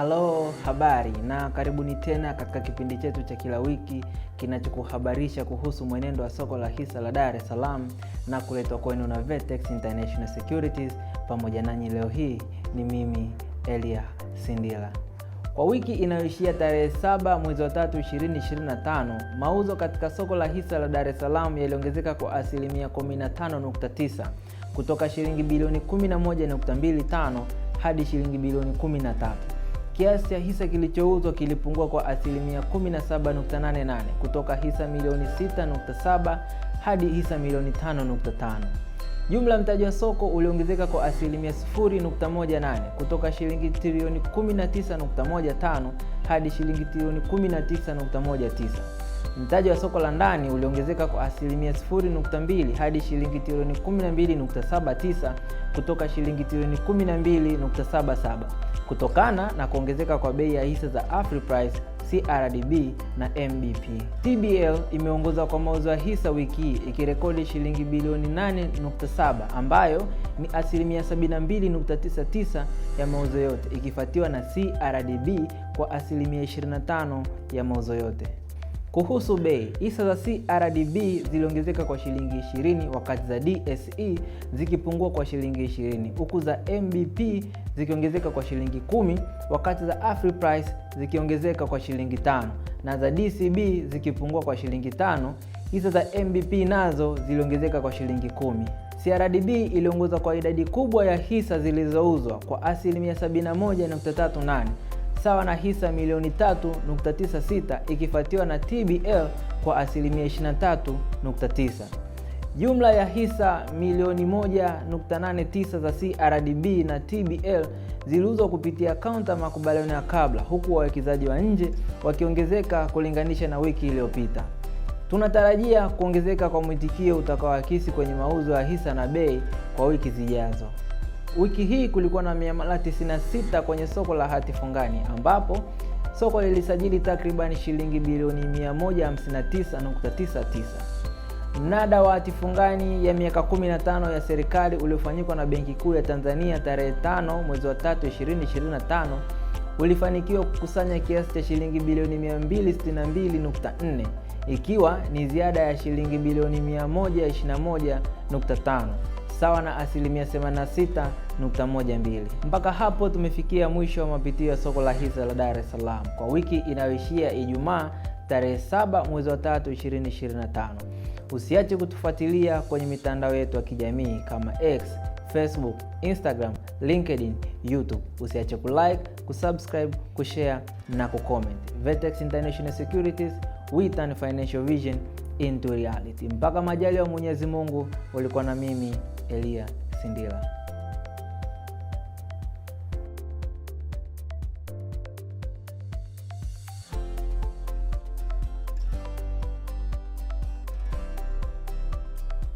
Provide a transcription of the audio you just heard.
Halo, habari na karibuni tena katika kipindi chetu cha kila wiki kinachokuhabarisha kuhusu mwenendo wa soko la hisa la Dar es Salaam na kuletwa kwenu na Vertex International Securities. Pamoja nanyi leo hii ni mimi Elia Sindila. Kwa wiki inayoishia tarehe 7 mwezi wa 3 2025, mauzo katika soko la hisa la Dar es Salaam yaliongezeka kwa asilimia 15.9 kutoka shilingi bilioni 11.25 hadi shilingi bilioni 13. Kiasi cha hisa kilichouzwa kilipungua kwa asilimia 17.88 kutoka hisa milioni 6.7 hadi hisa milioni 5.5. Jumla mtaji wa soko uliongezeka kwa asilimia 0.18 kutoka shilingi trilioni 19.15 hadi shilingi trilioni 19.19. Mtaji wa soko la ndani uliongezeka kwa asilimia 0.2 hadi shilingi trilioni 12.79 kutoka shilingi trilioni 12.77 kutokana na kuongezeka kwa bei ya hisa za Afriprice, CRDB na MBP. TBL imeongoza kwa mauzo ya hisa wiki hii ikirekodi shilingi bilioni 8.7 ambayo ni asilimia 72.99 ya mauzo yote ikifuatiwa na CRDB kwa asilimia 25 ya mauzo yote. Kuhusu bei, hisa za CRDB ziliongezeka kwa shilingi 20 wakati za DSE zikipungua kwa shilingi 20 huku za MBP zikiongezeka kwa shilingi 10 wakati za Afriprice zikiongezeka kwa shilingi 5 na za DCB zikipungua kwa shilingi 5, Hisa za MBP nazo ziliongezeka kwa shilingi kumi. CRDB iliongoza kwa idadi kubwa ya hisa zilizouzwa kwa asilimia 71.38 sawa na hisa milioni 3.96 ikifuatiwa na TBL kwa asilimia 23.9. Jumla ya hisa milioni 1.89 za CRDB na TBL ziliuzwa kupitia kaunta makubaliano ya kabla, huku wawekezaji wa nje wakiongezeka kulinganisha na wiki iliyopita. Tunatarajia kuongezeka kwa mwitikio utakaoakisi kwenye mauzo ya hisa na bei kwa wiki zijazo. Wiki hii kulikuwa na miamala 96 kwenye soko la hati fungani ambapo soko lilisajili takribani shilingi bilioni 159.99. Mnada wa hati fungani ya miaka 15 ya serikali uliofanyikwa na Benki Kuu ya Tanzania tarehe 5 mwezi wa 3 2025 ulifanikiwa kukusanya kiasi cha shilingi bilioni 262.4 ikiwa ni ziada ya shilingi bilioni 121.5 sawa na asilimia 86.12. Mpaka hapo tumefikia mwisho wa mapitio ya soko la hisa la Dar es Salaam kwa wiki inayoishia Ijumaa tarehe 7 mwezi wa 3 2025. Usiache kutufuatilia kwenye mitandao yetu ya kijamii kama X, Facebook, Instagram, LinkedIn, YouTube. Usiache kulike, kusubscribe, kushare na kucomment. Vertex International Securities, we turn financial vision into reality. Mpaka majali wa Mwenyezi Mungu, ulikuwa na mimi Elia Sindila.